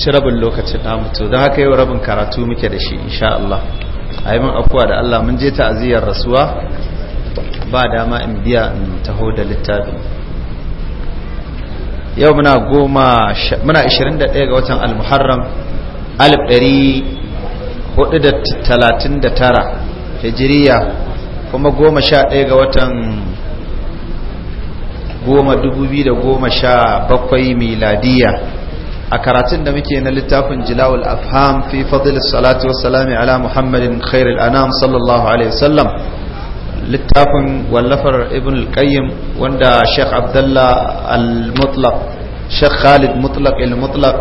ci rabin lokacin namu to don haka yau rabin karatu muke da shi insha Allah a yi min afuwa da Allah mun je ta'aziyar rasuwa ba dama in biya in taho da littafi yau muna goma muna 21 ga watan al-muharram 1439 hijiriya kuma goma sha ɗaya ga watan goma dubu biyu da goma sha bakwai miladiyya a karatun da muke na littafin jilawul afham fi Fadilis salatu wa salami ala muhammadin khairul anam sallallahu alaihi wasallam littafin wallafar ibn al-qayyim wanda sheikh abdullah al-mutlaq sheikh khalid mutlaq al-mutlaq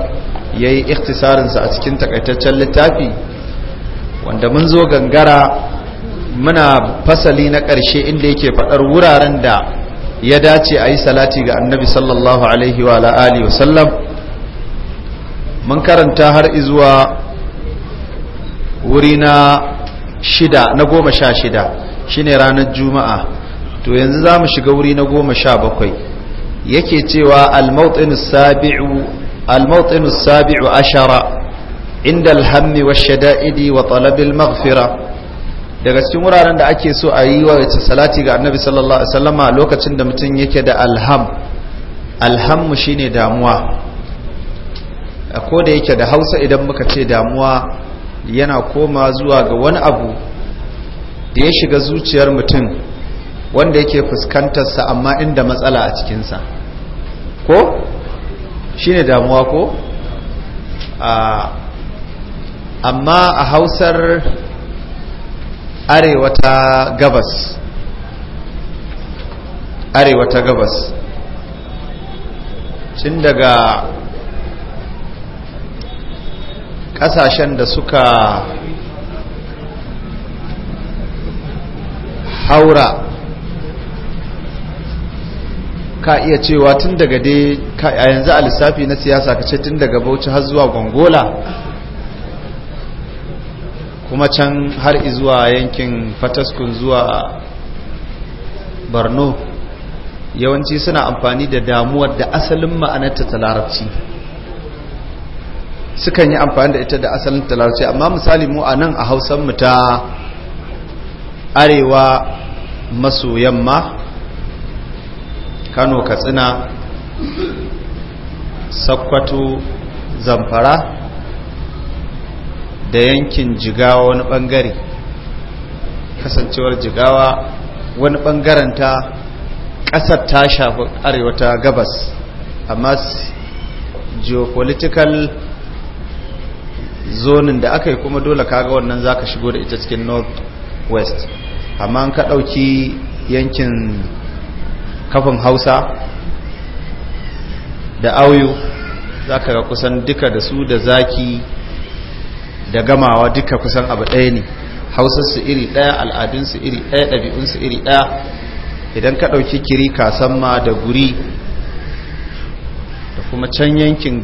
yayi ikhtisarin sa a cikin takaitaccen littafi wanda mun zo gangara muna fasali na ƙarshe inda yake faɗar wuraren da ya dace a yi salati ga annabi sallallahu alaihi wa alihi wasallam mun karanta har izuwa wuri na shida na goma sha shida shine ranar juma'a to yanzu za mu shiga wuri na goma sha bakwai yake cewa almautsin sabi'u ashara inda alhammi wa shada'idi wa talabil maghfira daga cikin wuraren da ake so a yi wa wace salati ga annabi sallallahu alaihi wasallama lokacin da mutum yake da alham alhammu shine damuwa ko da yake da hausa idan muka ce damuwa yana koma zuwa ga wani abu da ya shiga zuciyar mutum wanda yake fuskantarsa amma inda matsala a cikinsa ko shi ne damuwa ko amma a hausar arewa ta gabas arewa ta gabas tun daga kasashen da suka haura ka iya cewa tun daga dai a yanzu a lissafi na siyasa ka ce tun daga bauchi har zuwa gongola kuma can har izuwa yankin fataskun zuwa borno yawanci suna amfani da damuwar da asalin ma'anarta ta larabci sukan yi amfani da ita da asalin talarci amma misali mu a nan a hausan mu ta arewa maso yamma kano katsina sakkwato zamfara da yankin jigawa wani bangare kasancewar jigawa wani bangaren ta kasar ta shafi arewa ta gabas amma geopolitical zonin da aka yi kuma dole kaga wannan zaka shigo da ita cikin north west amma ka ɗauki yankin kafin hausa da auyu za ka ga kusan duka da su da zaki da gamawa duka kusan abu ɗaya ne hausarsu iri ɗaya al'adunsu iri ɗaya ɗabi'unsu iri ɗaya idan ka ɗauki kiri kasamma da guri da kuma can yankin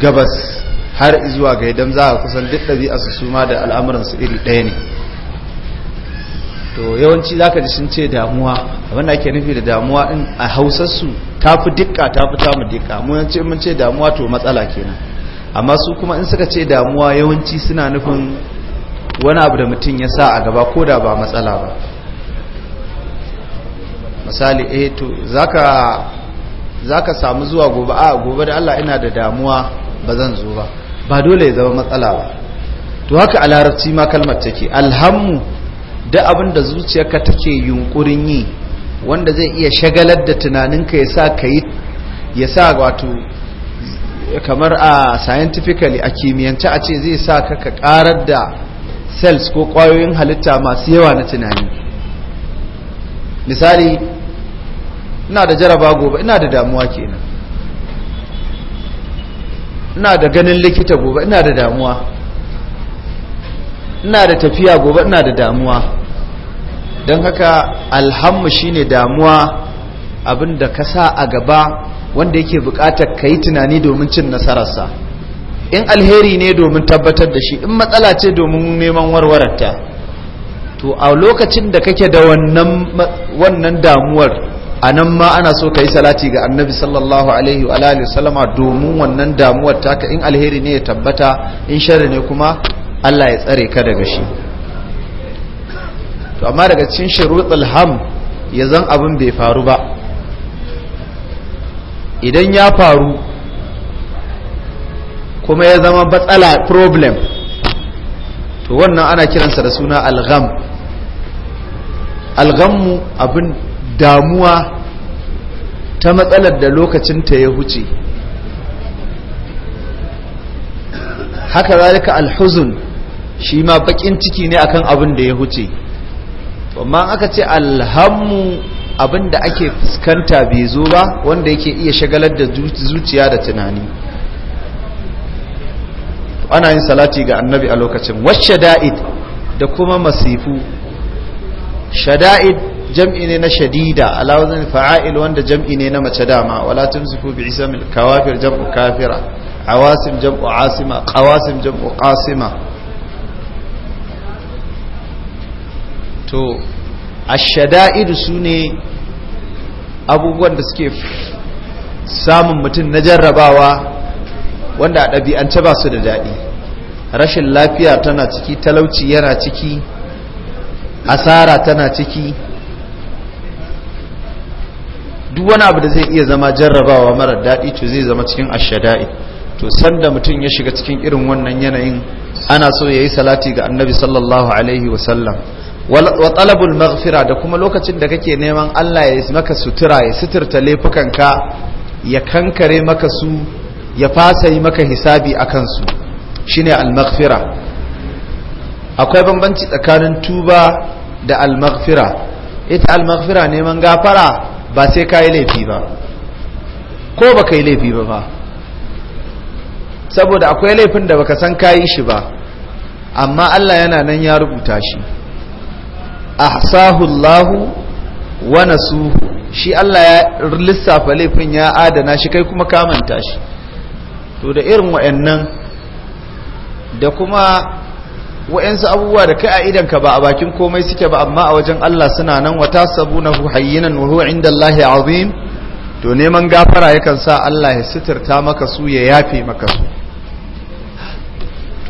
gabas har zuwa ga idan za a kusan duk ɗabi'arsu su suma da al'amuransu iri ɗaya ne to yawanci za ka ji ce damuwa abinda ake nufi da damuwa in a hausarsu ta fi dikka ta fi tamu dikka mun ce damuwa to matsala kenan amma su kuma in suka ce damuwa yawanci suna nufin wani abu da mutum ya sa a gaba ko da ba matsala ba misali eh to zaka zaka samu zuwa gobe a ah, gobe da Allah ina da damuwa ba zan zo ba ba dole ya zama matsala ba to haka a larabci ma kalmar take alhammu da abin da zuciyarka take yunkurin yi wanda zai iya shagalar da tunaninka ya sa ka yi ya sa wato kamar a scientifically a kimiyyance a ce zai sa ka ka karar da cells ko kwayoyin halitta masu yawa na tunani misali ina da jaraba gobe ina da damuwa kenan ina da ganin likita gobe ina da damuwa ina da tafiya gobe ina da damuwa don haka alhammu shine damuwa abinda ka sa a gaba wanda yake bukatar ka yi tunani domin cin nasararsa in alheri ne domin tabbatar da shi in matsala ce domin neman warwararta to a lokacin da kake da wannan damuwar a nan ma ana so ka yi salati ga annabi sallallahu alaihi wa alihi sallama domin wannan damuwar taka in alheri ne ya tabbata in sharri ne kuma Allah ya tsare ka daga shi to amma daga cikin shurutul ham ya zan abin bai faru ba idan ya faru kuma ya zama batsala problem to wannan ana kiransa da suna algham alghammu abin damuwa ta matsalar da lokacin ta ya huce haka zalika alhuzun shi ma bakin ciki ne akan abin da ya huce amma aka ce alhammu abin da ake fuskanta bai zo ba wanda yake iya shagalar da zuciya da tunani ana yin salati ga annabi a lokacin wasu shada'id da kuma masifu shada'id jam'i ne na shadida alawazin fa'a'il wanda jam'i ne na mace dama wala tumsifu bi isamil kawafir jam'u kafira awasim jam'u asima qawasim jam'u qasima to ashada'id sune abubuwan da suke samun mutum na jarrabawa wanda a dabi'ance ba su da dadi rashin lafiya tana ciki talauci yana ciki asara tana ciki duk wani abu da zai iya zama jarrabawa mara daɗi to zai zama cikin ashada'i to sanda mutum ya shiga cikin irin wannan yanayin ana so ya yi salati ga annabi sallallahu alaihi wasallam wa talabul maghfira da kuma lokacin da kake neman Allah ya maka sutura ya suturta laifukanka ya kankare maka su ya fasa yi maka hisabi a kansu shine al almaghfira akwai bambanci tsakanin tuba da al ita al neman gafara ba sai ka yi laifi ba ko ba ka yi laifi ba ba saboda akwai laifin da baka san ka yi shi ba amma Allah yana nan ya rubuta shi sahullahu wa su shi Allah ya lissafa laifin ya adana shi kai kuma kamanta shi to da irin wa'annan da kuma wa'yansu abubuwa da kai a idanka ba a bakin komai suke ba amma a wajen Allah suna nan wata sabu na hayyinan wa huwa inda Allah azim to neman gafara yakan sa Allah ya sitirta maka su ya yafe maka su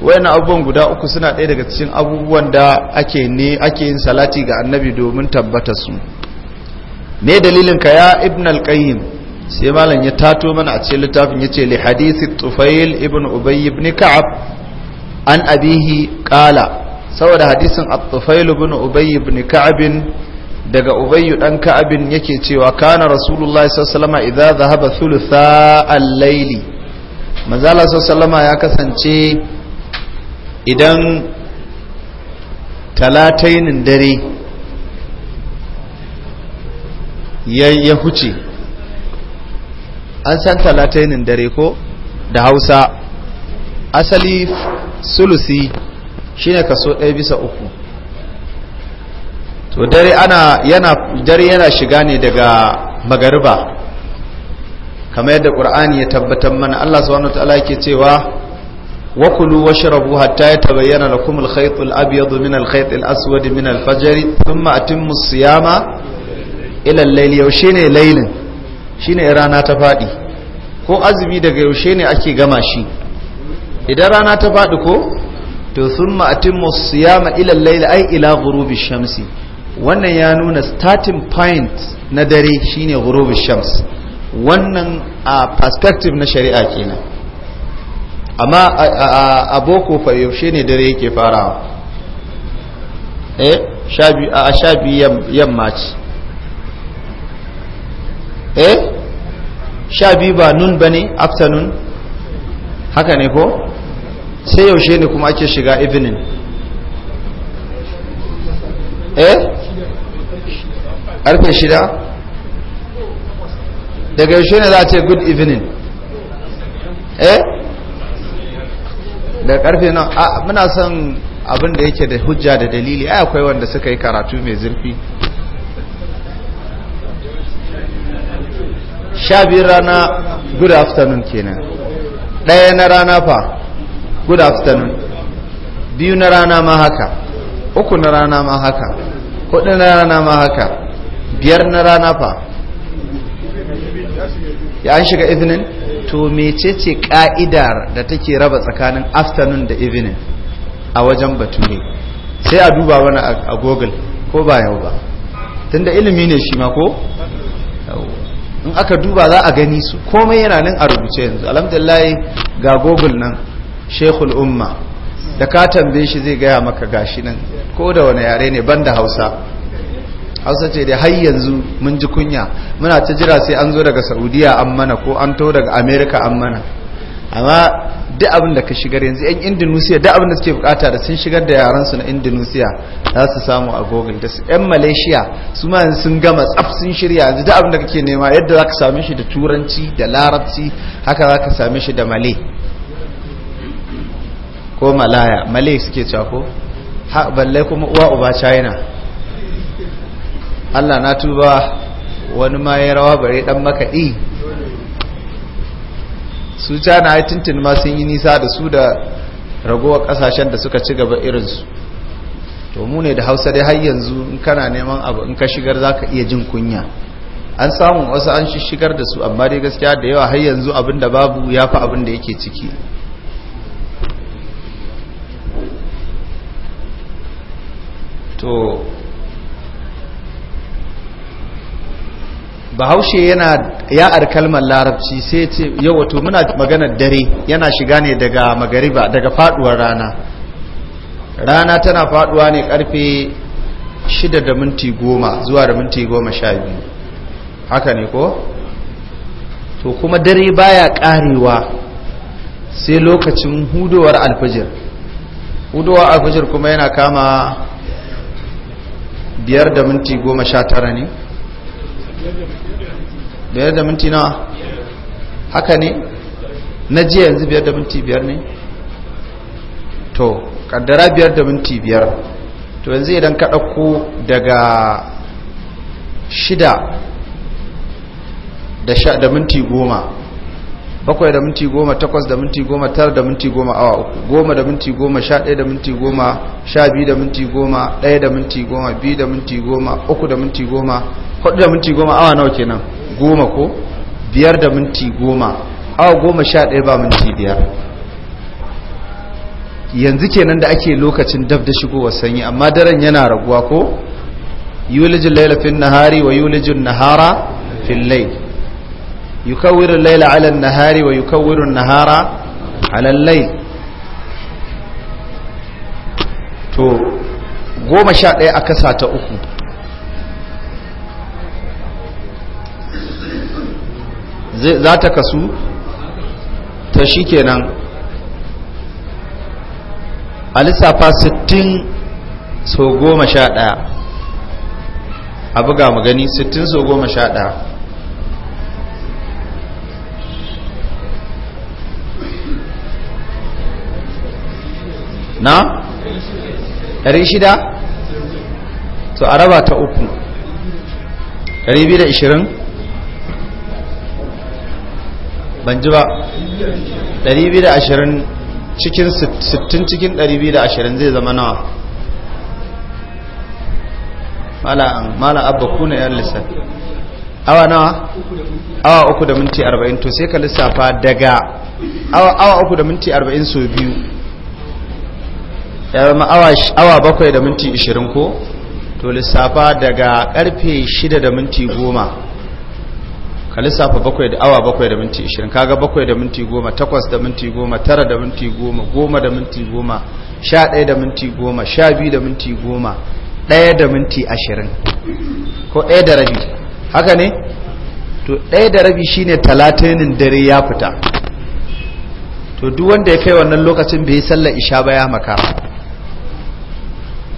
wayannan abubuwan guda uku suna ɗaya daga cikin abubuwan da ake ne ake yin salati ga annabi domin tabbata su ne dalilin ka ya ibn al-qayyim sai malam ya tato mana a cikin littafin yace li hadisi tufail ibn ubay ibn ka'ab an abihi kala saboda hadisin at-tufail ibn ubay ibn ka'ab daga ubay dan ka'ab yake cewa kana rasulullahi sallallahu alaihi wasallam idza dhahaba thulutha al-layli manzo Allah sallallahu ya kasance idan talatainin dare ya huce an san talatainin dare ko da hausa asali sulusi shine kaso ɗaya bisa uku to dare ana yana dare yana shiga ne daga magariba kamar yadda qur'ani ya tabbatar mana Allah subhanahu wataala yake cewa wa kulu washrabu hatta yatabayyana lakum al-khayt al-abyad min al-khayt al-aswad min al-fajr thumma atimmu as-siyama ila al-layl yaushe ne laylin shine rana ta fadi ko azumi daga yaushe ne ake gama shi idan rana ta faɗi ko to sun ma'atin musu ya ilan laila ai ila gurubi shamsi wannan ya nuna starting point na dare shine gurubi shamsi wannan a perspective na shari'a kenan amma a boko fayyaushe ne dare yake farawa eh a sha biyu yamma ce eh sha biyu ba nun ba ne afternoon haka ne ko sai yaushe ne kuma ake shiga evening eh karfe shida daga yaushe ne za a ce good evening eh da karfe na muna son abin da yake da hujja da dalili ai akwai wanda suka yi karatu mai zurfi sha biyu rana good afternoon kenan ɗaya na rana fa good afternoon biyu na rana ma haka uku na rana ma haka hudu na rana ma haka biyar na rana fa ya an shiga evening to mecece ka'idar da take raba tsakanin afternoon da evening a wajen bature sai a duba wani a google ko ba yau ba tunda ilimi ne shi ma ko in aka duba za a gani su komai yana nan a rubuce yanzu alhamdulillah ga google nan shekul umma da ka tambaye shi zai gaya maka gashi nan ko da wani yare ne banda hausa hausa ce da har yanzu mun ji kunya muna ta jira sai an zo daga saudiya an mana ko an to daga Amerika an mana amma duk abin da ka shigar yanzu yan indonesia duk abin da suke bukata da sun shigar da yaransu na indonesia za su samu a google da su yan malaysia su ma sun gama tsaf sun shirya yanzu duk abin da kake nema yadda za ka same shi da turanci da larabci haka za ka same shi da malay ko malaya malay suke cewa ko balle kuma uwa uba china allah na tuba wani ma ya rawa bare dan makaɗi su china ya tuntun ma sun yi nisa da su da ragowar kasashen da suka ci gaba irinsu to mu ne da hausa dai har yanzu in kana neman abu in ka shigar za ka iya jin kunya an samu wasu an shigar da su amma dai gaskiya da yawa har yanzu abin da babu ya fi abin da yake ciki to bahaushe yana ya'ar kalmar larabci sai ce yau wato muna maganar dare yana shiga ne daga magariba daga faduwar rana rana tana faduwa ne karfe 6 da minti 10 zuwa da minti 12 haka ne ko to kuma dare baya karewa sai lokacin hudowar alfajir hudowar alfajir kuma yana kama biyar da minti goma sha tara ne biyar da minti nawa haka ne na ji yanzu biyar da minti biyar ne to kaddara biyar da minti biyar to yanzu idan ka ɗauko daga shida da minti goma bakwai da minti goma takwas da minti goma tara da minti goma awa uku goma da minti goma sha ɗaya da minti goma sha biyu da minti goma ɗaya da minti goma biyu da minti goma uku da minti goma hudu da minti goma awa nawa kenan goma ko biyar da minti goma awa goma sha ɗaya ba minti biyar yanzu kenan da ake lokacin dab da shigowar sanyi amma daren yana raguwa ko yulijin Lailafin fil nahari wa yulijin nahara fillai. يكور الليل على النهار ويكور النهار على الليل to goma sha ɗaya a kasa ta uku Zata kasu ta shi kenan a lissafa sittin so goma sha ɗaya a buga mu gani sittin so goma sha ɗaya na? shida? to a raba ta uku biyu da ishirin? ban ji ba biyu da ashirin cikin sittin cikin biyu da ashirin zai zama nawa mala abba kuna yan lissa awa nawa awa uku da minti arba'in to sai ka lissafa daga awa uku da minti arba'in so biyu ya awa bakwai da minti ishirin ko to lissafa daga karfe shida da minti goma ka lissafa bakwai da awa bakwai da minti ishirin kaga bakwai da minti goma takwas da minti goma tara da minti goma goma da minti goma sha ɗaya da minti goma sha biyu da minti goma ɗaya da minti ashirin ko ɗaya da rabi haka ne to ɗaya da rabi shine talatinin dare ya fita to duk wanda ya kai wannan lokacin bai sallar isha ba ya makara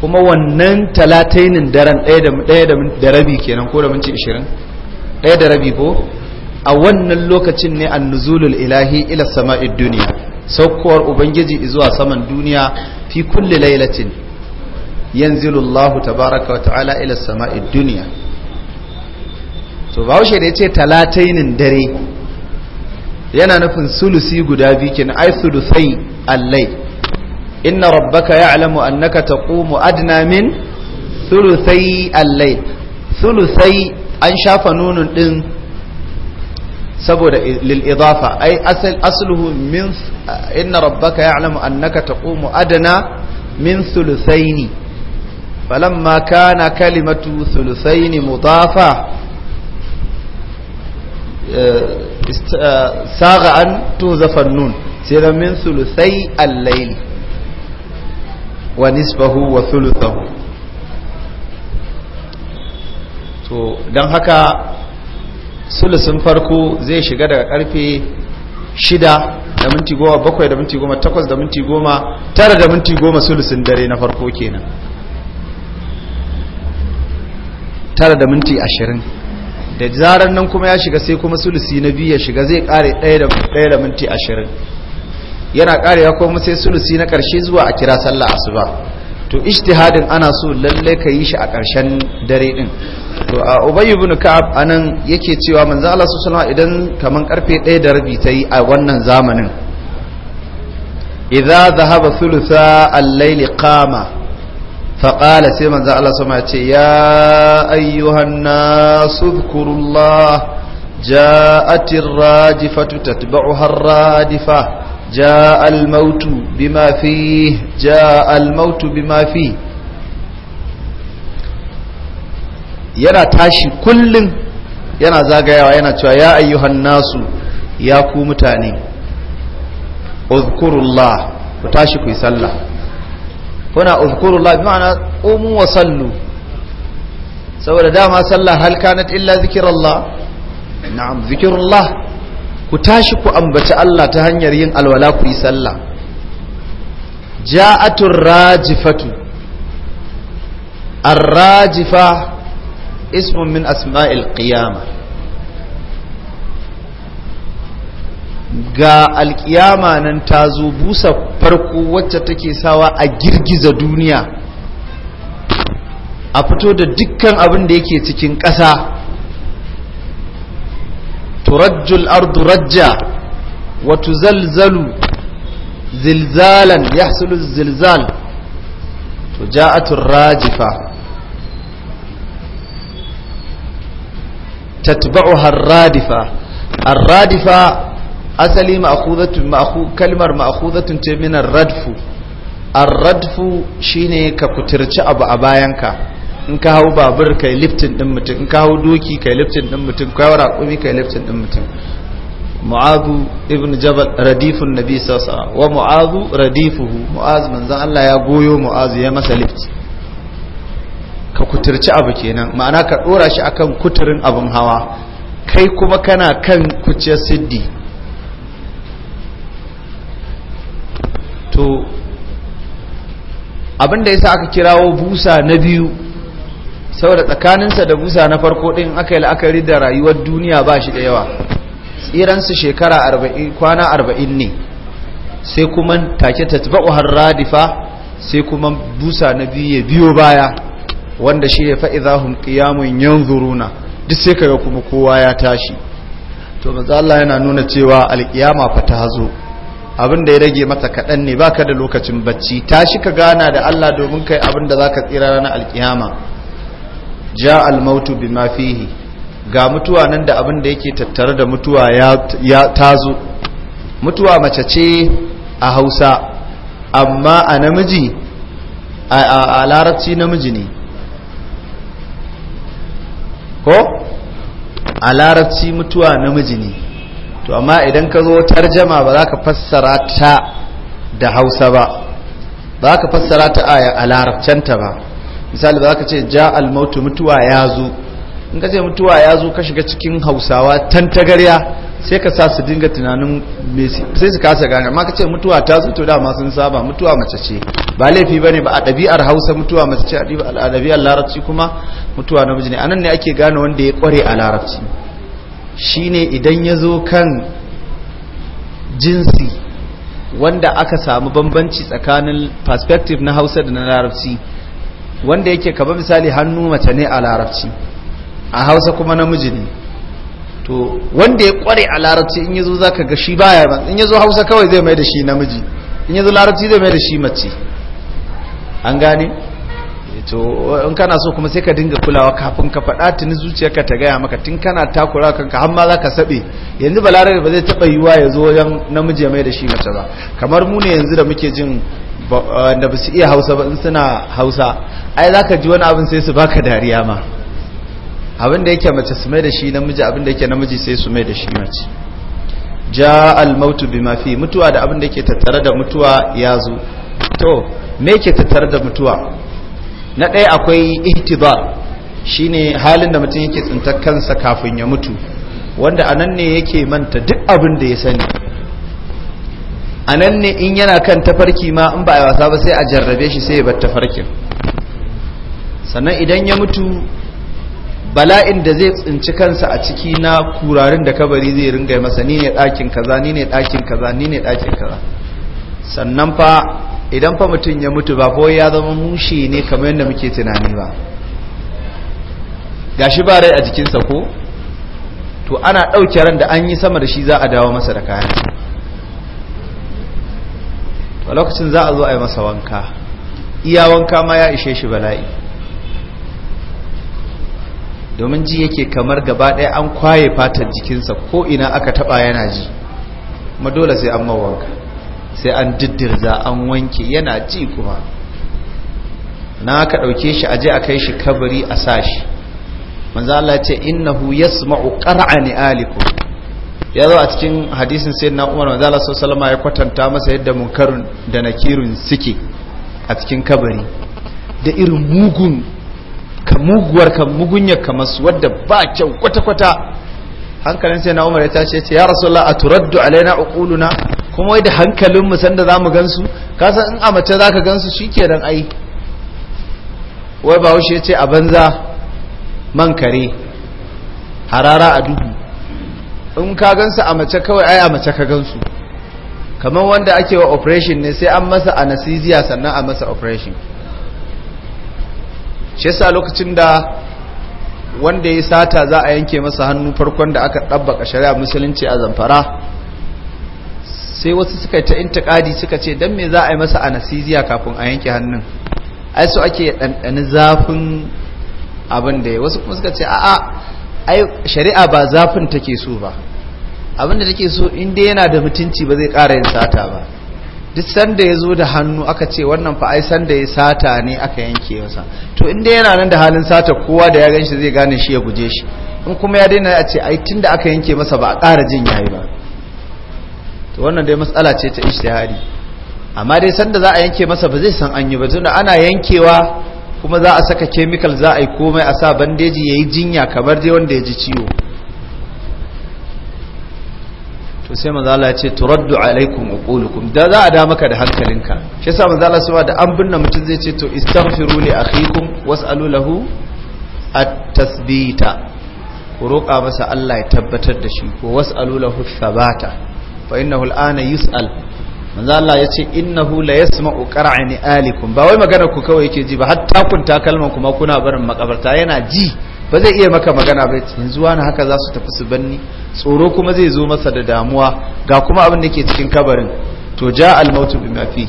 kuma wannan talatainin daren ɗaya da rabi kenan ko da minti ishirin ɗaya da rabi ko a wannan lokacin ne an nuzulul ilahi ila sama'id duniya saukowar ubangiji zuwa saman duniya fi kulli lailatin Allah tabaraka wa ta'ala ila sama'id duniya to bahaushe da ce talatainin dare yana nufin sulusi guda biyu kenan ai sulusai allai inna rabbaka ya'lamu annaka taqumu adna min thuluthai al-layl thuluthai an shafa nunun din saboda lil idafa ay asl asluhu min inna rabbaka ya'lamu annaka taqumu adna min thuluthaini falamma kana kalimatu thuluthaini mudafa eh, eh, saga an tuzafa nun sai min thuluthai al wa nisfahu wa thuluthahu to dan haka sulusun farko zai shiga daga karfe shida da minti goma da minti goma da minti goma tara da minti goma sulusun dare na farko kenan tara da minti ashirin da zarar nan kuma ya shiga sai kuma sulusi na biyu ya shiga zai kare ɗaya da minti yana karewa ko sai sulusi na karshe zuwa a kira sallah asuba to ijtihadin ana so lalle ka yi shi a karshen dare din to a ubayy ibn ka'ab anan yake cewa manzo Allah sallallahu alaihi wasallam idan kaman karfe 1 da rabi tayi a wannan zamanin idza dhahaba thulutha al layli qama qala sai manzo Allah sallallahu alaihi wasallam ya ayyuhan nas udhkurullah ja'atir rajifatu tatba'uha ar-radifah جاء الموت بما فيه جاء الموت بما فيه yana tashi kullum yana zagayawa yana cewa ya ayyuhan nasu ya ku mutane uzkurullah ku tashi ku yi sallah kuna uzkurullah bi ma'ana qumu wa sallu saboda dama sallah hal kanat illa zikrullah na'am zikrullah ku tashi ku ambaci Allah ta hanyar yin alwala ku yi sallah ja'atur rajifatu ar-rajifa ismun min asma'il qiyama ga alkiyama nan ta zo busa farko wacce take sawa a girgiza duniya a fito da dukkan abin da yake cikin ƙasa turajjul ardu rajja wa tuzalzalu zilzalan yahsulu zilzal to ja'atur rajifa tatba'uha ar-radifa ar-radifa asali ma'khudhatun ma'khu kalmar ma'khudhatun ce min ar-radfu ar-radfu shine ka kutirci abu a bayanka in ka hau babur kai liftin din mutum in ka hau doki kai liftin din mutum kai wara kumi kai liftin din mutum mu'azu ibn jabal radifun nabi sasa wa mu'azu radifuhu mu'az manzon Allah ya goyo mu'az ya masa lift ka kuturci abu kenan ma'ana ka dora shi akan kuturin abun hawa kai kuma kana kan kuciyar siddi to abinda yasa aka kirawo busa na biyu saboda tsakaninsa da busa na farko din aka yi la'akari da rayuwar duniya ba shi da yawa tsiransu shekara kwana arba'in ne sai kuma take tatba'u har radifa sai kuma busa na biyu ya biyo baya wanda shi ya fa'iza hun ƙiyamun yanzuruna duk sai kaga kuma kowa ya tashi to maza Allah yana nuna cewa alƙiyama fa ta zo abin da ya rage mata kaɗan ne baka da lokacin bacci tashi ka gana da Allah domin kai abin da za ka tsira ranar alƙiyama ja almautu bima fihi ga mutuwa nan da abin da yake tattare da mutuwa ya tazo mutuwa mace ce a hausa amma a namiji a larabci namiji ne ko a mutuwa namiji ne to amma idan ka zo tarjama ba za ka fassara ta da hausa ba ba ka fassara ta a larabcanta ba misali za ka ce ja almautu mutuwa ya zo in ka ce mutuwa ya zo ka shiga cikin hausawa tantagarya sai ka sa su dinga tunanin sai su kasa gane amma ka ce mutuwa ta zo to dama sun saba mutuwa mace ce ba laifi ba ne ba a ɗabi'ar hausa mutuwa mace ce a ɗabi'ar larabci kuma mutuwa namiji ne a nan ne ake gane wanda ya ƙware a larabci shi ne idan ya zo kan jinsi wanda aka samu bambanci tsakanin perspective na hausa da na larabci wanda yake kaba misali hannu mace ne a larabci a hausa kuma namiji ne to wanda ya kware a larabci in yazo zaka ga shi baya ba in yazo hausa kawai zai mai da shi namiji in yazo larabci zai mai da shi mace an gane eh, to in kana so kuma sai ka dinga kulawa kafin ka faɗa tuni zuciyarka ta gaya maka tun kana takura kanka har ma za ka saɓe yanzu balarabe ba zai taɓa yiwa ya zo wajen namiji ya mai da shi mace ba kamar mu ne yanzu da muke jin Wanda ba su iya hausa ba in suna hausa ai za ka ji wani abin sai su baka dariya ma abin da yake mace su mai da shi namiji abin da yake namiji sai su mai da shi mace ja almautu bi fi mutuwa da abin da yake tattare da mutuwa ya zo to me yake tattare da mutuwa na ɗaya akwai ihtibar shine halin da mutum yake tsintar kansa kafin ya mutu wanda anan ne yake manta duk abin da ya sani a nan ne in yana kan tafarki ma in ba a wasa ba sai a jarrabe shi sai ya bar tafarkin sannan idan ya mutu bala'in da zai tsinci kansa a ciki na kurarin da kabari zai ringa masa ni ne ɗakin kaza ni ne ɗakin kaza ni ne ɗakin kaza sannan fa idan fa mutum ya mutu ba ko ya zama mushe ne kamar yadda muke tunani ba shi ba rai a jikinsa ko to ana ɗauke ran da an yi sama da shi za a dawo masa da kayansa a lokacin za a zo a yi masa wanka iya wanka ma ya ishe shi bala'i domin ji yake kamar gaba ɗaya an kwaye fatar jikinsa ko ina aka taɓa yana ji kuma dole sai an mawanka sai an diddirza an wanke yana ji kuma na aka ɗauke shi aje a kai shi kabari a sashi shi. Allah ce innahu yasma'u qar'ani alikum ya zo a cikin hadisin sai na umar manzala sau salama ya kwatanta masa yadda munkarun da nakirun suke a cikin kabari da irin mugun ka muguwar ka mugunya kamar su wadda ba kyau kwata-kwata hankalin sai na umar ya tashi ya ce ya rasulallah a alaina uquluna kuma wai da hankalin mu sanda zamu gansu kasan in a mace zaka gansu dan ai wai bahaushe ya ce a banza man kare harara a duhu in ka gansu a mace kawai ai a mace ka gansu kamar wanda ake wa operation ne sai an masa anesthesia sannan a masa operation shi yasa lokacin da wanda ya sata za a yanke masa hannu farkon da aka ɗabbaka shari'a musulunci a zamfara sai wasu suka ta ƙadi suka ce don me za a yi masa anesthesia kafin a yanke hannun ai so ake ɗanɗani zafin abin da ya wasu kuma suka ce a'a ai shari'a ba zafin take so ba abinda take so inda yana da mutunci ba zai ƙara yin sata ba duk sanda ya zo da hannu aka ce wannan fa ai sanda ya sata ne aka yanke masa to inda yana nan da halin sata kowa da ya ganshi zai gane shi ya guje shi in kuma ya daina a ce ai tunda aka yanke masa ba a ƙara jin yayi ba to wannan dai matsala ce ta ishtihari amma dai sanda za a yanke masa ba zai san an yi ba tunda ana yankewa kuma za a saka kemikal za a yi komai a sa bandeji ya yi jinya kamar dai wanda ya ji ciwo to sai mazala ya ce turaddu alaikum uqulukum da za a damaka maka da hankalinka shi sa mazala sai da an binne mutum zai ce to ne a hikun wasu alulahu a tasbita ku roƙa masa Allah ya tabbatar da shi ko wasu alulahu sabata. fa inna al yus'al manzo Allah ce innahu la yasma'u qara'ani alikum ba wai magana ku kawai yake ji ba har takun takalman kuma kuna barin makabarta yana ji ba zai iya maka magana ba yanzu wani haka za su tafi su banni tsoro kuma zai zo masa da damuwa ga kuma abin da ke cikin kabarin to ja al-mautu fi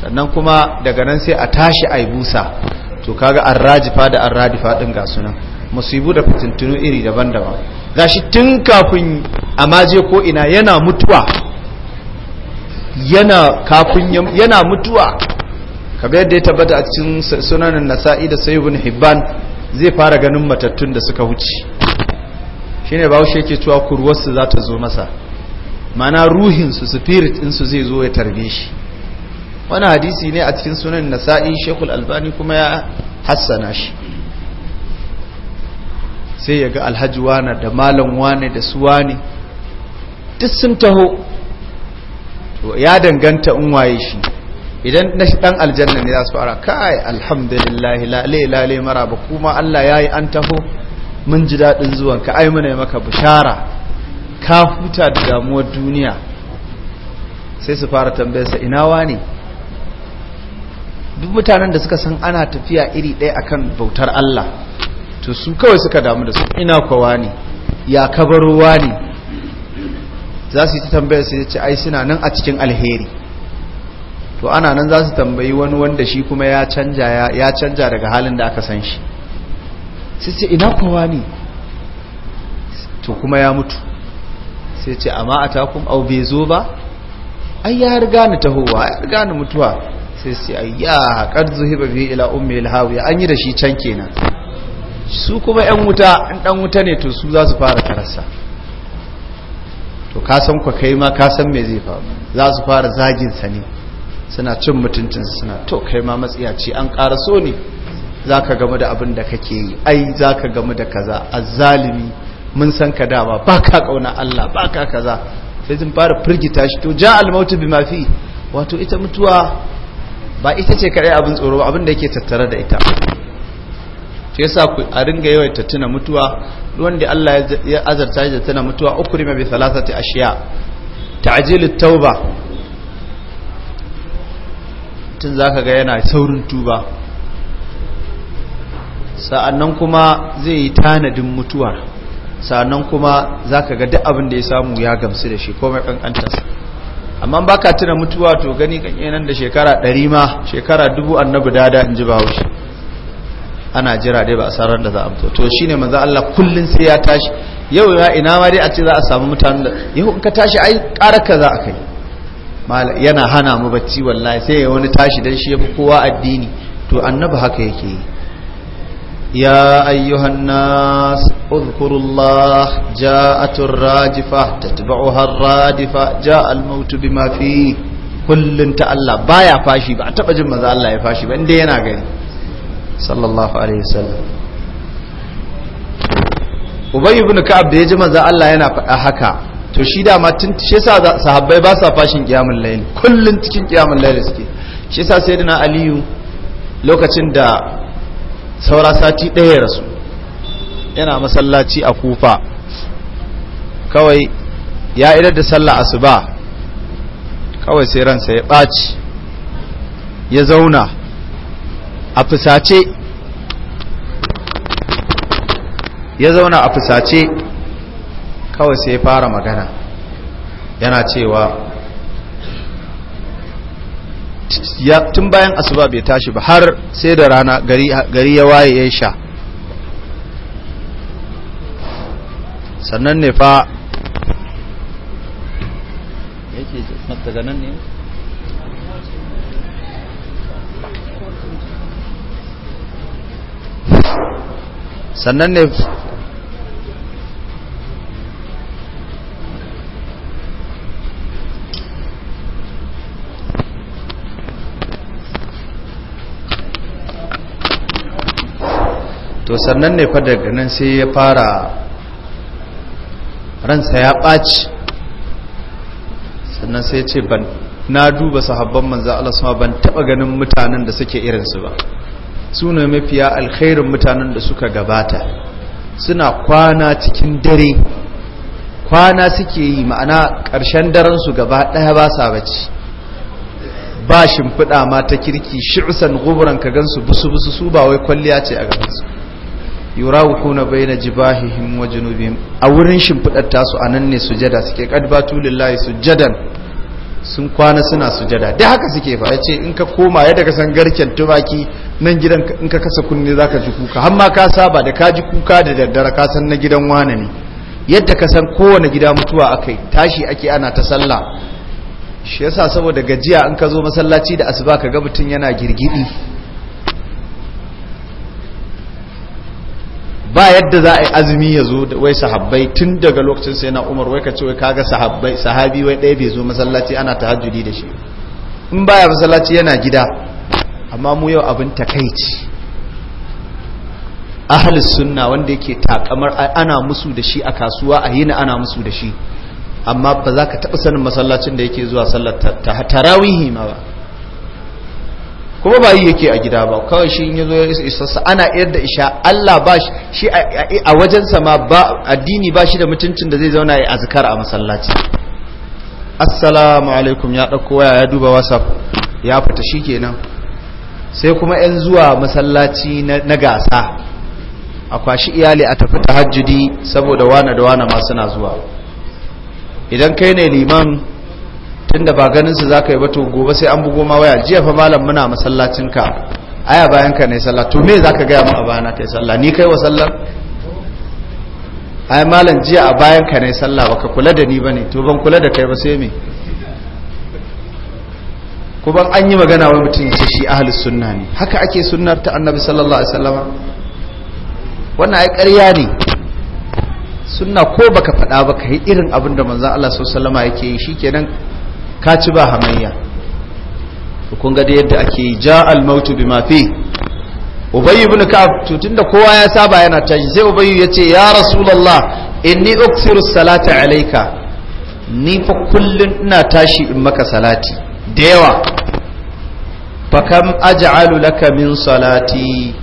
sannan kuma daga nan sai a tashi ai busa to kaga arrajifa da arradifa din ga sunan musibu da fitintunu iri daban-daban gashi tun kafin a maje ko ina yana mutuwa yana kafin yana mutuwa kaga yadda ya tabbata a cikin sunanin nasa'i da ibn hibban zai fara ganin matattun da suka wuce shine shi yake cewa kurwarsu za ta zo masa mana ruhinsu spirit su zai zo ya tarbe shi wani hadisi ne a cikin sunan nasa'i shekul albani kuma ya hassana shi sai yaga ga alhaji wane da malam wane da suwa ne duk sun taho ya danganta in waye shi idan na dan aljanna ne za su fara kai alhamdulillah lale lale maraba kuma Allah yayi an taho mun ji dadin zuwan ka ai muna maka bishara ka huta da damuwar duniya sai su fara tambayar sa ina wani duk mutanen da suka san ana tafiya iri ɗaya akan bautar Allah to su kawai suka damu da su ina kwa wani ya kabarowa ne za su yi tambaya su ce ai suna nan a cikin alheri to ana nan za su tambayi wani wanda shi kuma ya canja ya canja daga halin da aka san shi sai ce ina kowa ne to kuma ya mutu sai ce amma a takun au bai zo ba ai ya riga ni tahowa ya riga ni mutuwa sai sai ayya qad zuhiba bi ila ummi alhawiya an yi da shi can kenan su kuma yan wuta in dan wuta ne to su za su fara karasa. ka san ku kai ma ka san me zai faru za su fara zagin sa ne suna cin mutuncinsa suna to kai ma ce an ƙara so ne za ka gamu da abin da kake yi ai za ka gamu da kaza azzalimi mun san ka dama ba ka ƙauna Allah ba ka kaza sai sun fara firgita shi to ja almautu bi mafi wato ita mutuwa ba ita ce kaɗai abin tsoro ba abin da yake tattare da ita shi yasa ku a ringa yawaita tuna mutuwa wanda Allah ya azarta da tuna mutuwa ukrima bi thalathati ashiya ta'jilut tauba tun zaka ga yana saurin tuba sa'annan kuma zai yi tanadin mutuwa sa'annan kuma zaka ga duk abin da ya samu ya gamsu da shi komai kankanta amma baka tuna mutuwa to gani kan nan da shekara 100 ma shekara dubu annabi dada in ji shi ana jira dai ba a sarar da za a mutu to shine manzo Allah kullun sai ya tashi yau ya ina ma dai a ce za a samu mutanen da yau in ka tashi ai ƙara ka za a kai yana hana mu bacci wallahi sai ya wani tashi dan shi yafi kowa addini to annabi haka yake yi يا أيها rajifa tatba'uha ar-radifa الراجفة تتبعها الرادفة جاء kullun ta Allah baya fashi ba a taba jin manzo Allah ya fashi ba با yana gani. sallallahu alaihi wasallam ubay ibn ka'ab da ya ji manzo Allah yana faɗa haka to shi da ma tun shi yasa sahabbai ba sa fashin qiyamul layl kullun cikin qiyamul layl suke shi yasa sayyidina aliyu lokacin da saura sati ɗaya rasu yana masallaci a kufa kawai ya idar da sallah asuba kawai sai ransa ya ɓaci ya zauna a fusace ya zauna a fusace kawai sai fara magana yana cewa tun bayan asuba bai tashi ba har sai da rana gari ya waye ya sha sannan ne fa yake nan ne sannan ne to sannan ne fa daga nan sai ya fara ransa ya ɓaci sannan sai ce ban na duba sahabban manzan Allah ban taɓa ganin mutanen da suke irinsu ba su ne mafiya alkhairin mutanen da suka gabata suna kwana cikin dare kwana suke yi ma'ana ƙarshen daren su gaba ɗaya ba sa bacci ba shimfiɗa ma ta kirki shirsan guburan ka gansu busu-busu su ba wai kwalliya ce a gabansu bai baina jibahihim wa junubihim a wurin shimfiɗar tasu a nan ne sujada suke ƙadbatu lillahi su sujadan sun kwana suna sujada da haka suke fa ce in ka koma yadda ka san garken tubaki nan gidan in ka kasa kunne za ka ji kuka har ma ka saba da ka ji kuka da daddare ka san na gidan wane ne yadda ka san kowane gida mutuwa akai tashi ake ana ta sallah shi yasa saboda gajiya in ka zo masallaci da asuba ka ga mutum yana girgidi ba yadda za a yi azumi ya zo wai sahabbai tun daga lokacin sai na umar wai ka ce wai kaga sahabbai sahabi wai ɗaya bai zo masallaci ana ta tahajjudi da shi in baya masallaci yana gida amma mu yau abin takaici ahlus sunna wanda yake takamar ana musu da shi a kasuwa a yini ana musu da shi amma ba za ka taɓa sanin masallacin da yake zuwa sallar tarawihi ma ba kuma ba yi yake a gida ba kawai shi ya zo ya ana iya da isha Allah ba shi a wajen ma ba addini ba shi da mutuncin da zai zauna ya azkar a masallaci assalamu alaikum ya ɗauko waya ya duba whatsapp ya fita shi kenan sai kuma 'yan zuwa masallaci na gasa a kwashi iyali a tafi ta tahajjudi saboda wane da wane ma suna zuwa idan kai ne liman tunda ba ganin su zaka yi ba to gobe sai an bugo ma waya jiya fa malam muna masallacin ka aya bayan ka ne sallah to me zaka ga mu a bayana kai sallah ni kai wa sallar ai malam jiya a bayan ka ne sallah baka kula da ni bane to ban kula da kai ba sai me ko ban an yi magana wa mutum ya shi ahli sunna ne haka ake sunnar ta annabi sallallahu alaihi wasallama wannan ai ƙarya ne sunna ko baka faɗa ba ka yi irin abin da manzon Allah sallallahu alaihi wasallama yake yi shikenan ka ci ba hamayya kun ga da yadda ake ja al bi bima fi ubay ibn ka'ab to tunda kowa ya saba yana tashi sai ubay ya ce ya rasulullah inni uksiru salata alayka ni fa kullun ina tashi in maka salati da yawa fa kam aj'alu laka min salati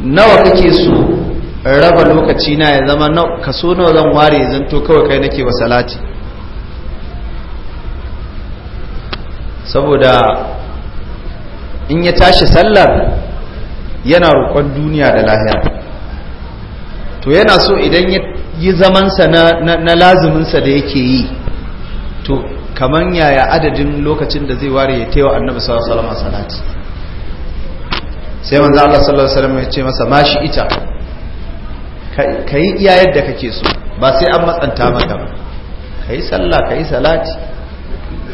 nawa kake so raba lokaci na ya zama kaso nawa zan ware zan to kawai kai nake wa salati saboda in ya tashi sallar yana roƙon duniya da lahira to yana so idan ya yi zamansa na lazuminsa da yake yi to kaman yaya adadin lokacin da zai ware ya taiwa annabi sallallahu alaihi wasallam salati sai manzo Allah sallallahu alaihi ya ce masa mashi ita Ka yi iya yadda kake so ba sai an matsanta maka ba kai sallah yi salati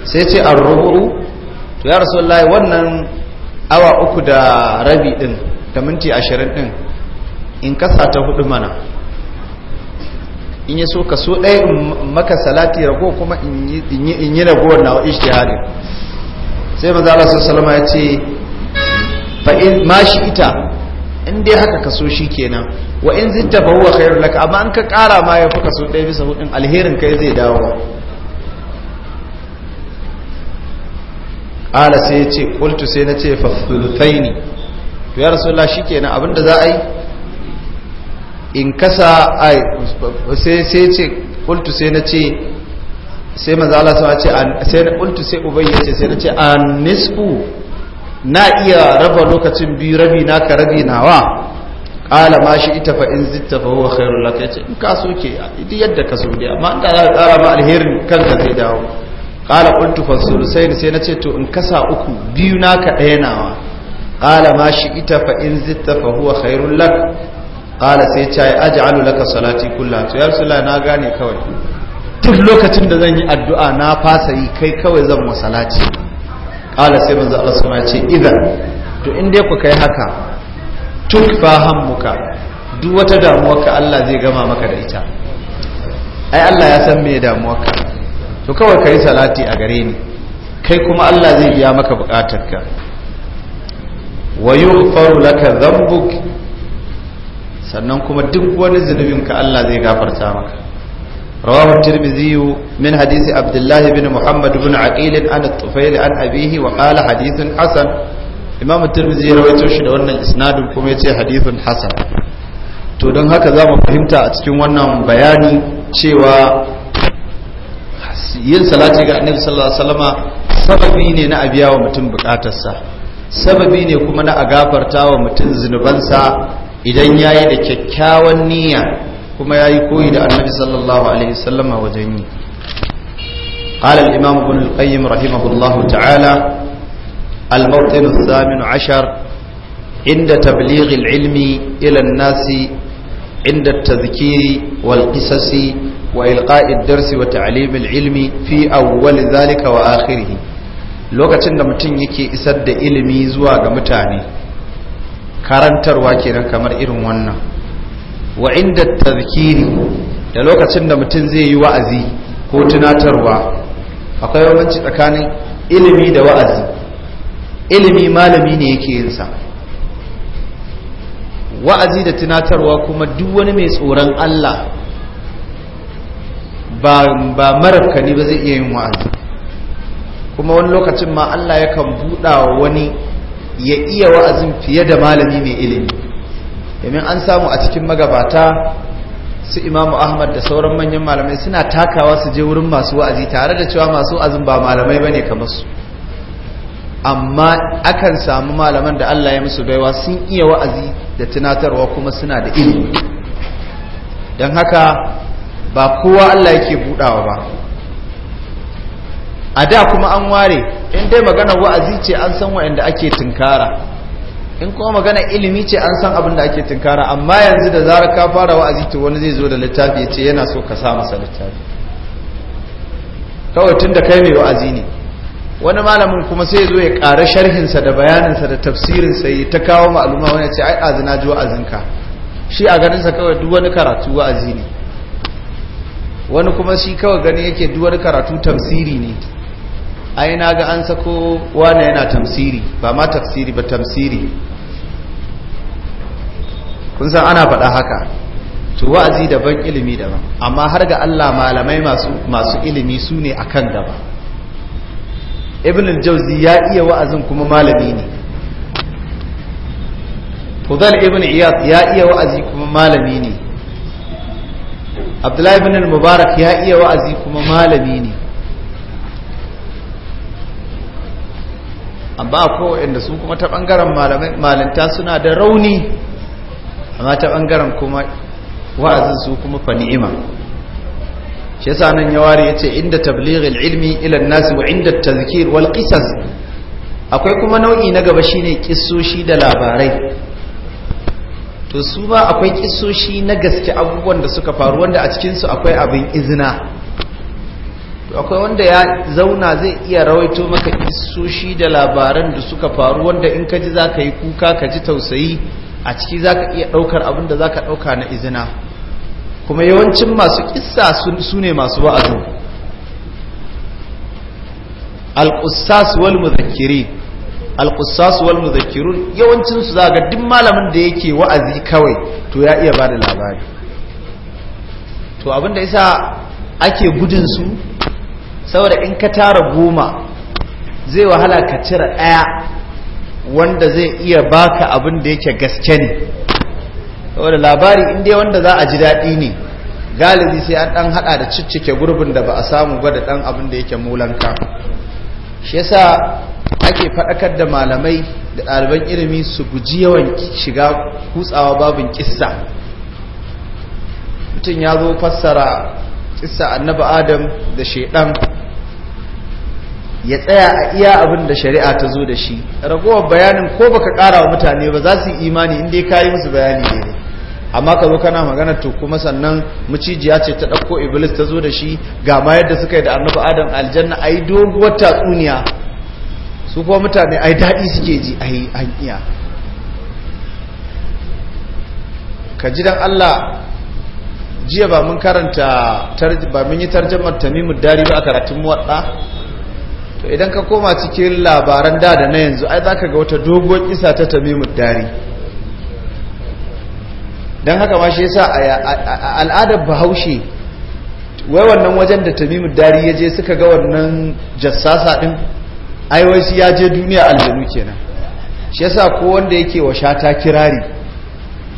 sai ce an rubu to ya Allah wannan awa uku da rabi din da minti ashirin din in kasa ta hudu mana in yi so ka so ɗaya in maka salati rago kuma in yi ragowar na hari sai maza Allah salama ya ce fa'in ma shi ita in dai haka ka shi kenan wa in zinta fa huwa laka amma an ka kara ma ya fi ka so ɗaya bisa hudun alherin kai zai dawo ƙala sai ya ce ƙultu sai na ce fasulfai ne to ya rasu la shi kenan abinda za a yi in kasa ai sai ya ce ƙultu sai na ce sai maza Allah ce sai na ƙultu sai ubai ya ce sai na ce a nisku na iya raba lokacin biyu rabi na ka rabi nawa ƙala ma shi ita fa in zitta fa huwa khairul lak ya ce in ka so ke yadda ka so dai amma inda za ka tsara ma alherin kanka zai dawo qala ƙuntu fasulusai sai ce to in kasa uku biyu na ɗaya nawa Ƙala ma shi ita fa in zitta fa huwa khairul lak Ƙala sai ce aji alu laka salati kullaha to ya na gane kawai duk lokacin da zan yi addu'a na fasa yi kai kawai zan wa salati sai manzo Allah sama ce idan to in dai ku kai haka tukfa hammuka duk wata damuwa ka Allah zai gama maka da ita ai Allah ya san me damuwa ka to kawai ka yi salati a gare ni kai kuma Allah zai biya maka bukatarka wa yughfaru laka dhanbuk sannan kuma duk wani zunubin ka Allah zai gafarta maka rawahu tirmidhi min hadisi Abdullahi ibn muhammad ibn aqil an at-tufail an abihi wa qala hadithun hasan imam tirmidhi ya rawaito shi da wannan isnadin kuma yace hadithun hasan to don haka za mu fahimta a cikin wannan bayani cewa yin salati ga annabi sallallahu alaihi wasallama sababi ne na biya wa mutum bukatarsa sababi ne kuma na agafarta wa mutum zinubansa idan yayi da kyakkyawan niyya kuma yayi koyi da annabi sallallahu alaihi wasallama wajen yi قال الإمام ابن القيم رحمه الله تعالى الموطن الثامن عشر عند تبليغ العلم إلى الناس عند التذكير والقصص وإلقاء الدرس وتعليم العلم في أول ذلك وآخره lokacin da mutum yake isar da ilimi zuwa ga mutane karantarwa kenan kamar irin wannan wa inda tazkiri da lokacin da mutum zai yi wa'azi ko tunatarwa akwai bambanci tsakanin ilimi da wa'azi ilimi malami ne yake yinsa wa'azi da tunatarwa kuma duk wani mai tsoron Allah ba marafka ne ba zai iya yin wa'azi kuma wani lokacin ma Allah yakan buɗa wa wani ya iya wa'azin fiye da malami mai ilimi domin an samu a cikin magabata su imamu ahmad da sauran manyan malamai suna takawa su je wurin masu wa'azi tare da cewa masu wa'azin ba malamai ba ne kamar su amma akan samu malaman da Allah ya musu baiwa sun iya wa'azi da tunatarwa kuma suna da ilimi don haka ba kowa Allah yake budawa ba a da kuma an ware in dai magana wa'azi ce an san wa'anda ake tunkara in kuma magana ilimi ce an san abin da ake tunkara amma yanzu da zarar ka fara wa'azi to wani zai zo da littafi ya ce yana so ka sa masa littafi kawai tun da kai mai wa'azi ne wani malamin kuma sai zo ya ƙara sharhinsa da bayaninsa da tafsirinsa ya ta kawo ma'aluma wani ya ce ai azina ji wa'azinka shi a ganinsa kawai duk wani karatu wa'azi ne wani kuma shi kawai gani yake duwar karatu tamsiri ne ai na ga an sako wane yana tamsiri ba ma tafsiri ba tamsiri kun san ana faɗa haka to wa'azi daban ilimi daban amma har ga Allah malamai masu masu ilimi su ne akan gaba ibn al-jawzi ya iya wa'azin kuma malami ne fudal ibn iyad ya iya wa'azi kuma malami ne abdullahi ibn mubarak ya iya wa'azi kuma malami ne amma ko inda su kuma ta bangaren malinta suna da rauni amma ta bangaren kuma wa'azin su kuma fa ni'ima shi yasa nan ya ware yace inda tablighil ilmi ila an-nas wa inda at-tadhkir wal qisas akwai kuma nau'i na gaba shine kissoshi da labarai to su ma akwai kisoshi na gaske abubuwan da suka faru wanda a cikinsu akwai abin izina to akwai wanda ya zauna zai iya rawaito maka kisoshi da labaran da suka faru wanda in ka ji za ka yi kuka ka ji tausayi a ciki za ka iya ɗaukar abin da za ka ɗauka na izina kuma yawancin masu kissa su ne masu wa'azu al-qussas wal mudhakkirin alƙusas wal muzakkirun yawancin su za duk malamin da yake wa'azi kawai to ya iya bada labari to abinda yasa ake gudun su saboda in ka tara goma zai wahala ka cire ɗaya wanda zai iya baka abin da yake gaske ne saboda labari in wanda za a ji daɗi ne galibi sai an ɗan haɗa da ciccike gurbin da ba a samu ba da ɗan abin da yake mulanka shi yasa ake faɗakar da malamai da ɗaliban ilimi su guji yawan shiga kutsawa babin kissa mutum ya zo fassara kissa annabi adam da shaidan ya tsaya a iya abin da shari'a ta zo da shi ragowar bayanin ko baka ƙara wa mutane ba za su yi imani inda ya kayi musu bayani ne amma ka zo kana magana to kuma sannan macijiya ce ta ɗauko iblis ta zo da shi ga ma yadda suka yi da annabi adam aljanna a yi doguwar tatsuniya su kuma mutane ai daɗi suke ji ai an iya ka ji don Allah jiya ba mun karanta ba mun yi tarjamar tamimu dari ba a karatun muwaɗa to idan ka koma cikin labaran da da na yanzu ai za ka ga wata dogon isa ta tamimu dari don haka ma shi yasa al'adar bahaushe wai wannan wajen da tamimu dari ya je suka ga wannan jassasa ɗin ai ya je duniya aljanu kenan shi yasa ko wanda yake wa shata kirari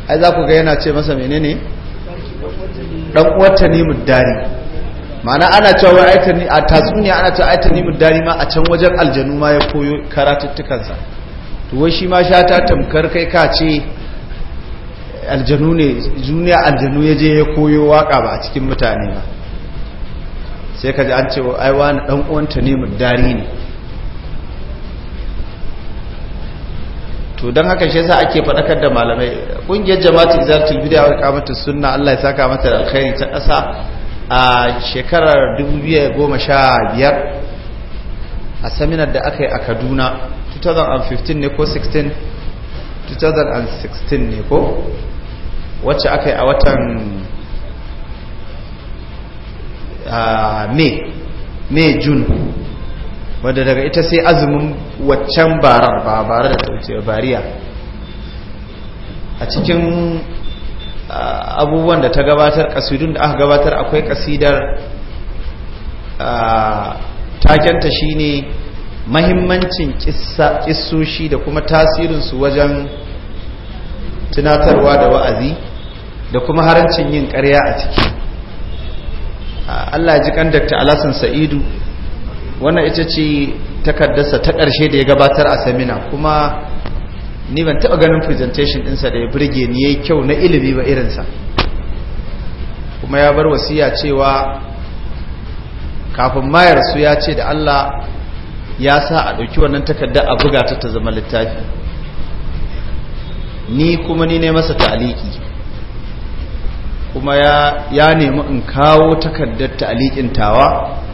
ai za ku ga yana ce masa menene dan kuwata ne muddari ma'ana ana cewa a tatsuniya ana cewa aita ne muddari ma a can wajen aljanu ma ya koyo karatuttukansa tuwai shi ma shata tamkar kai ka ce aljanu ne duniya aljanu ya je ya koyo waka ba a cikin mutane ba sai ka ji an ce aiwa na dan uwanta ne muddari ne to don haka shi yasa ake faɗakar da malamai ƙungiyar jama'atu ta bid'a wa kamata sunna Allah ya saka mata da alkhairi ta ƙasa a shekarar 2015 a seminar da aka yi a Kaduna 2015 ne ko 16 2016 ne ko wacce aka yi a watan ah, may may june wadda daga ita sai azumin waccan barar ba barar da tsauce bariya a cikin abubuwan da ta gabatar kasidun da aka gabatar akwai kasidar takenta shine mahimmancin kissoshi da kuma tasirinsu wajen tunatarwa da wa'azi da kuma harancin yin karya a ciki Allah ji kan Dr. Alasan Sa'idu wannan ita ce takardarsa ta ƙarshe da ya gabatar a samina kuma ni ban taɓa ganin presentation ɗinsa da ya birge ni ya yi kyau na ilimi ba irinsa kuma ya bar wasiya cewa kafin mayar su ya ce da Allah ya sa a ɗauki wannan takardar a buga ta ta zama littafi ni kuma ni ne masa ta'aliki kuma ya nemi in kawo takardar ta'alikin tawa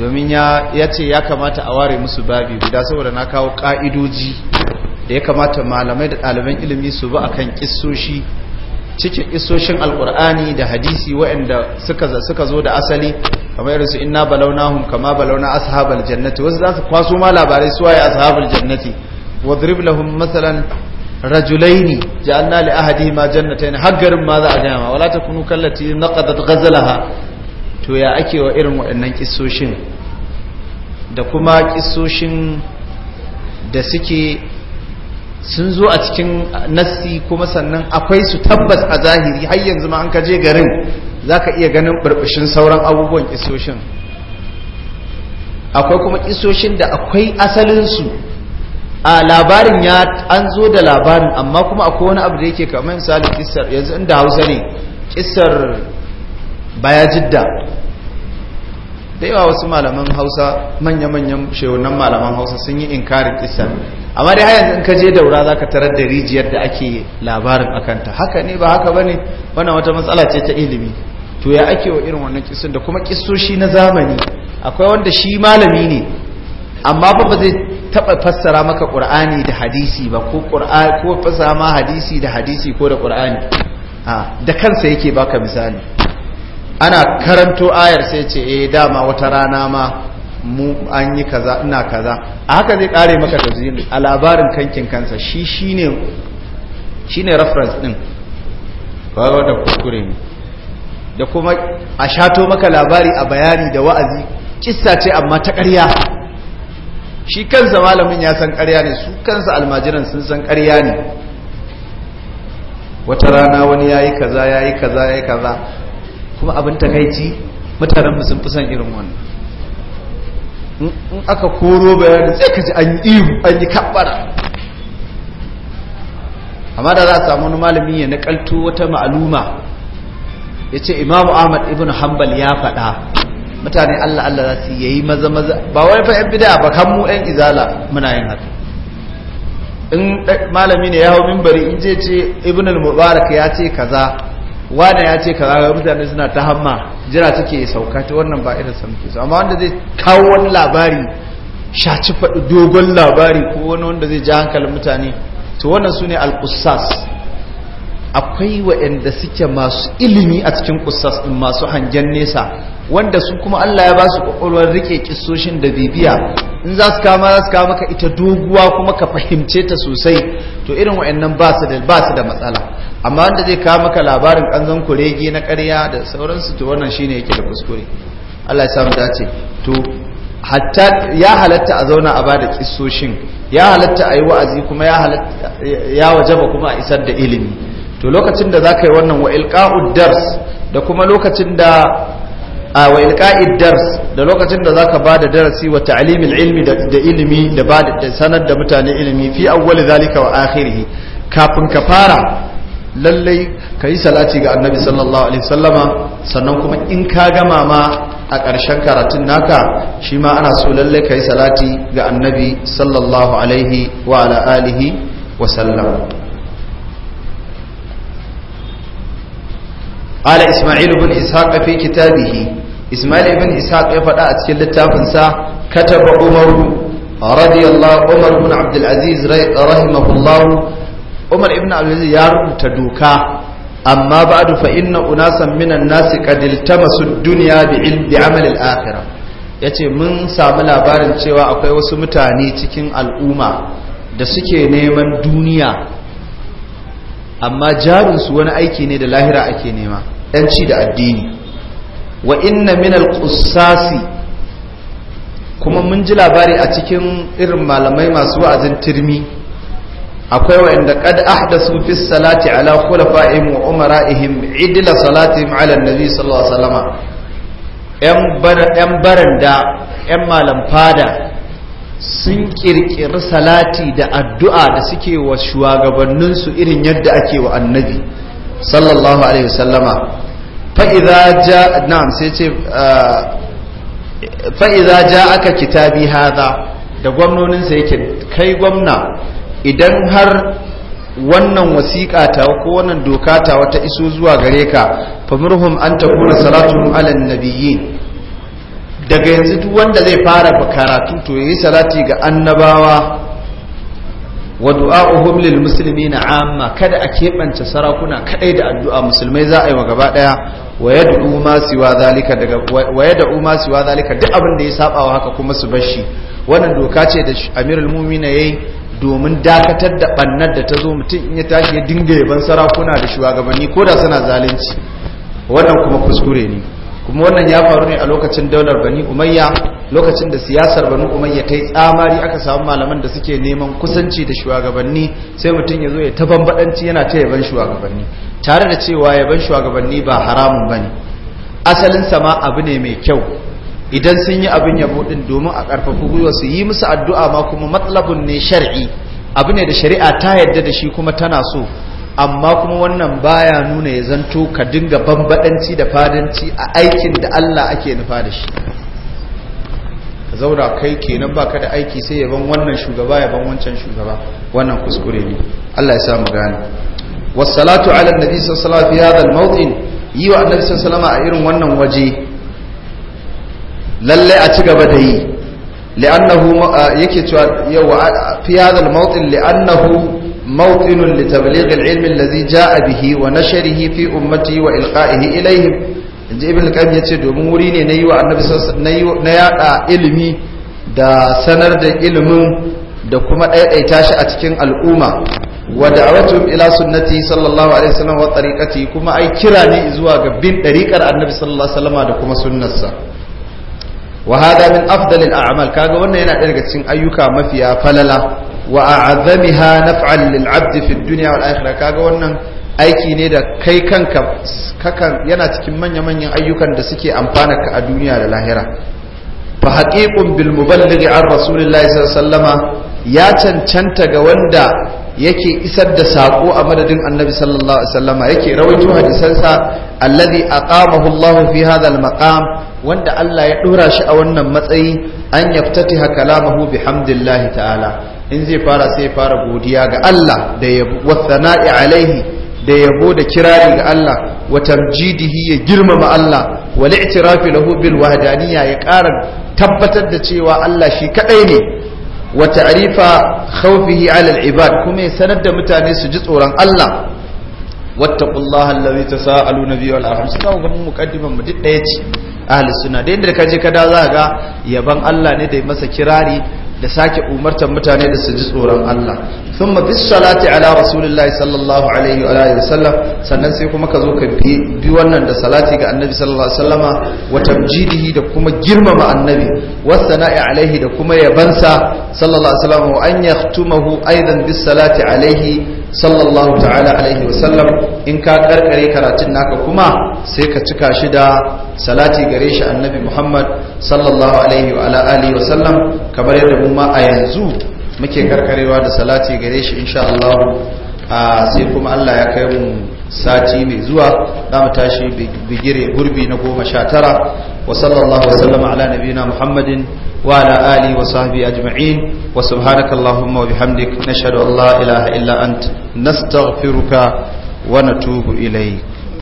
domin ya ce ya kamata a ware musu babi guda saboda na kawo ka'idoji da ya kamata malamai da ɗaliban ilimi su a akan kissoshi cikin isoshin alkur'ani da hadisi waɗanda suka zo da asali kamar irinsu inna balaunahum kama balauna ashabal jannati wasu za su kwaso ma labarai su waye ashabal jannati wadrib lahum masalan rajulaini ja'alna li ahadihima jannatayn haggarin ma za a gaya ma wala takunu kallati naqadat ghazalaha to ya ake wa irin waɗannan kisoshin da kuma ƙisoshin da suke sun zo a cikin nassi kuma sannan akwai su tabbas a zahiri har yanzu ma an je garin za ka iya ganin burbushin sauran abubuwan kisoshin akwai kuma ƙisoshin da akwai asalinsu a labarin ya an zo da labarin amma kuma akwai wani abu da yake kamar misali ƙisar yanzu inda hausa ne ƙisar baya jidda da yawa wasu malaman hausa manya-manyan shehunan malaman hausa sun yi inkarin kisa amma dai hayan in ka je daura za ka tarar da rijiyar da ake labarin akanta haka ne ba haka ba ne wannan wata matsala ce ta ilimi to ya ake wa irin wannan kisun da kuma kisoshi na zamani akwai wanda shi malami ne amma ba ba zai taɓa fassara maka ƙur'ani da hadisi ba ko fassara ma hadisi da hadisi ko da ƙur'ani da kansa yake baka misali ana karanto ayar sai ce eh dama wata rana ma mu an yi kaza ina kaza a haka zai kare maka tazini a labarin kankin kansa shi shine shine reference din kawai da kuskure ne da kuma a shato maka labari a bayani da wa'azi kissa ce amma ta ƙarya shi kansa malamin ya san ƙarya ne su kansa almajiran sun san ƙarya ne wata rana wani ya yi kaza ya yi kaza ya yi kaza kuma abin takaici mutanenmu sun fi son irin wannan in aka koro bayanin sai ka ji an yi ihu an yi kabbara amma da za a samu wani malami ya nakalto wata ma'aluma ya ce imamu ahmad ibn hanbal ya faɗa mutane allah allah za su yayi maza maza ba wani fa'in bida ba kan mu ɗan izala muna yin haka in eh, malami ne ya hau mimbari in je ce ibn al-mubarak ya ce kaza wanda ya ce kaza mutane suna ta hamma jira take sauka ta wannan ba irin samke su amma wanda zai kawo wani labari shaci faɗi dogon labari ko wani wanda zai ji hankalin mutane to wannan su ne alƙusas akwai waɗanda suke masu ilimi a cikin ƙusas ɗin masu hangen nesa wanda su kuma allah ya ba su ƙwaƙwalwar rike ƙisoshin da bibiya in za su kama za su kama maka ita doguwa kuma ka fahimce ta sosai to irin wa'annan ba su da matsala amma wanda zai kama maka labarin kanzon kurege na ƙarya da sauransu to wannan shine yake da kuskure Allah ya samu dace to hatta ya halatta a zauna a bada kissoshin ya halatta a yi wa'azi kuma ya halatta ya wajaba kuma a isar da ilimi to lokacin da zaka yi wannan wa ilqa'ud dars da kuma lokacin da a wa ilqa'id dars da lokacin da zaka bada darasi wa ta'limil ilmi da ilimi da bada sanar da mutane ilimi fi awwali zalika wa akhirih kafin ka fara lallai kayi salati ga annabi sallallahu alaihi wasallama sannan kuma in ka gama ma a ƙarshen karatun naka shi ma ana so lallai yi salati ga annabi sallallahu alaihi wa ala alihi wa sallam قال إسماعيل بن إسحاق في كتابه إسماعيل بن إسحاق يفدأ أتسل التافنسا كتب عمر رضي الله عمر بن عبد العزيز رحمه الله عمر بن عبد العزيز يارب تدوكا أما بعد فإن أناسا من الناس قد التمسوا الدنيا بعمل الآخرة yace mun samu labarin cewa akwai wasu mutane cikin al'umma da suke neman duniya amma jarinsu wani aiki ne da lahira ake nema yanci da addini wa inna min alqusasi kuma mun ji labari a cikin irin malamai masu wa'azin tirmi akwai wa'anda qad ahdasu fi salati ala khulafa'ihim wa umara'ihim idla salati ala nabi sallallahu alaihi wasallama yan baranda yan malam fada sun kirkiri salati da addu'a da suke wa shugabanninsu irin yadda ake wa annabi sallallahu alaihi wasallama fa'iza ah, ja aka kitabi haza da gwamnoninsa yake kai gwamna idan har wannan wasiƙa ta ko wannan doka ta wata iso zuwa gare ka famurhum an takuna salatun alan nabiyyin daga yanzu duk wanda zai fara karatu to yi salati ga annabawa wa du'a'uhum lil muslimina amma kada a keɓance sarakuna kadai da addu'a musulmai za a yi wa gaba daya wa yad'u ma siwa zalika daga wa yad'u ma siwa zalika duk abin da ya saba wa haka kuma su bar shi wannan doka ce da Amirul Mu'minin yayi domin dakatar da bannar da ta zo mutum in ya tashi ya dinga yaban sarakuna da shugabanni ko da suna zalunci wannan kuma kuskure ne kuma wannan ya faru ne a lokacin daular bani umayya lokacin da siyasar bani umayya ta yi tsamari aka samu malaman da suke neman kusanci da shugabanni sai mutum ya zo ya ta yana ta yaban shugabanni tare da cewa yaban shugabanni ba haramun ba ne. asalin ma abu ne mai kyau idan sun yi abin yabo din domin a karfafa gwiwa su yi musu addu'a ma kuma matsalabun ne shar'i abu ne da shari'a ta yarda da shi kuma tana so amma kuma wannan baya nuna ya zanto ka dinga bambadanci da fadanci a aikin da Allah ake nufa da shi ka zaura kai kenan baka da aiki sai yaban wannan shugaba yaban wancan shugaba wannan kuskure ne Allah ya samu gane wassalatu ala annabi sallallahu alaihi wasallam mawdin yi wa annabi sallallahu alaihi a irin wannan waje lalle a ci gaba da yi li'annahu uh, yake cewa yawa fi hadha al-mawdin li'annahu موطن لتبليغ العلم الذي جاء به ونشره في أمتي وإلقائه إليهم inji ibn qayyim yace domin wuri ne na yi wa annabi na yada da sanar da ilimin da kuma daidaita shi a cikin al'umma wa da'awatu ila sunnati sallallahu alaihi wasallam wa tariqati kuma ai kira ne zuwa ga bin dariqar annabi da kuma sunnarsa wa hada min afdal al'amal kaga wannan yana daga cikin ayyuka mafiya falala wa a'zamiha naf'an lil 'abd fi dunya wal akhirah kaga wannan aiki ne da kai kanka kakan yana cikin manya-manyan ayyukan da suke amfana ka a duniya da lahira fa haqiqun bil muballighi an rasulillahi sallallahu ya cancanta ga wanda yake isar da sako a madadin annabi sallallahu alaihi wasallama yake rawaito hadisansa alladhi aqamahu Allah fi hadha al-maqam wanda Allah ya dora shi a wannan matsayi an yaftatiha kalamahu bihamdillahi ta'ala in zai fara sai fara godiya ga Allah da yabo sana'i alaihi da yabo da kirari ga Allah wa tamjidihi ya girmama Allah wa li'tirafi lahu bil wahdaniyya ya ƙara tabbatar da cewa Allah shi kadai ne wa ta'rifa khawfihi 'ala ibad kuma ya sanar da mutane su ji tsoron Allah wattaqullaha allazi tasaaluna bihi wal arham sai ga muqaddiman mu ɗaya ce ahli sunna da inda ka je ka da za ga yaban Allah ne da masa kirari da sake umartar mutane da su ji tsoron Allah sun mafi salati ala rasulullahi sallallahu alaihi wa alaihi wasallam sannan sai kuma ka zo ka bi wannan da salati ga annabi sallallahu alaihi wasallama wa tamjidihi da kuma girmama annabi wasana'i alaihi da kuma yabansa sallallahu alaihi wasallam wa an yaktumahu aidan bis salati alaihi sallallahu ta'ala alaihi wasallam in ka karkare karatun naka kuma sai ka cika shi da salati gare shi annabi muhammad sallallahu alaihi wa alihi wasallam kamar yadda mu ma a yanzu muke karkarewa da salati gare shi insha Allah ah, sai kuma Allah ya kai mu sati mai zuwa za mu tashi bigire gurbi na goma sha tara wa sallallahu wasallama ala nabiyina muhammadin wa ala ali wa sahbihi ajma'in wa subhanaka allahumma wa bihamdik nashhadu an la ilaha illa ant nastaghfiruka wa natubu ilayk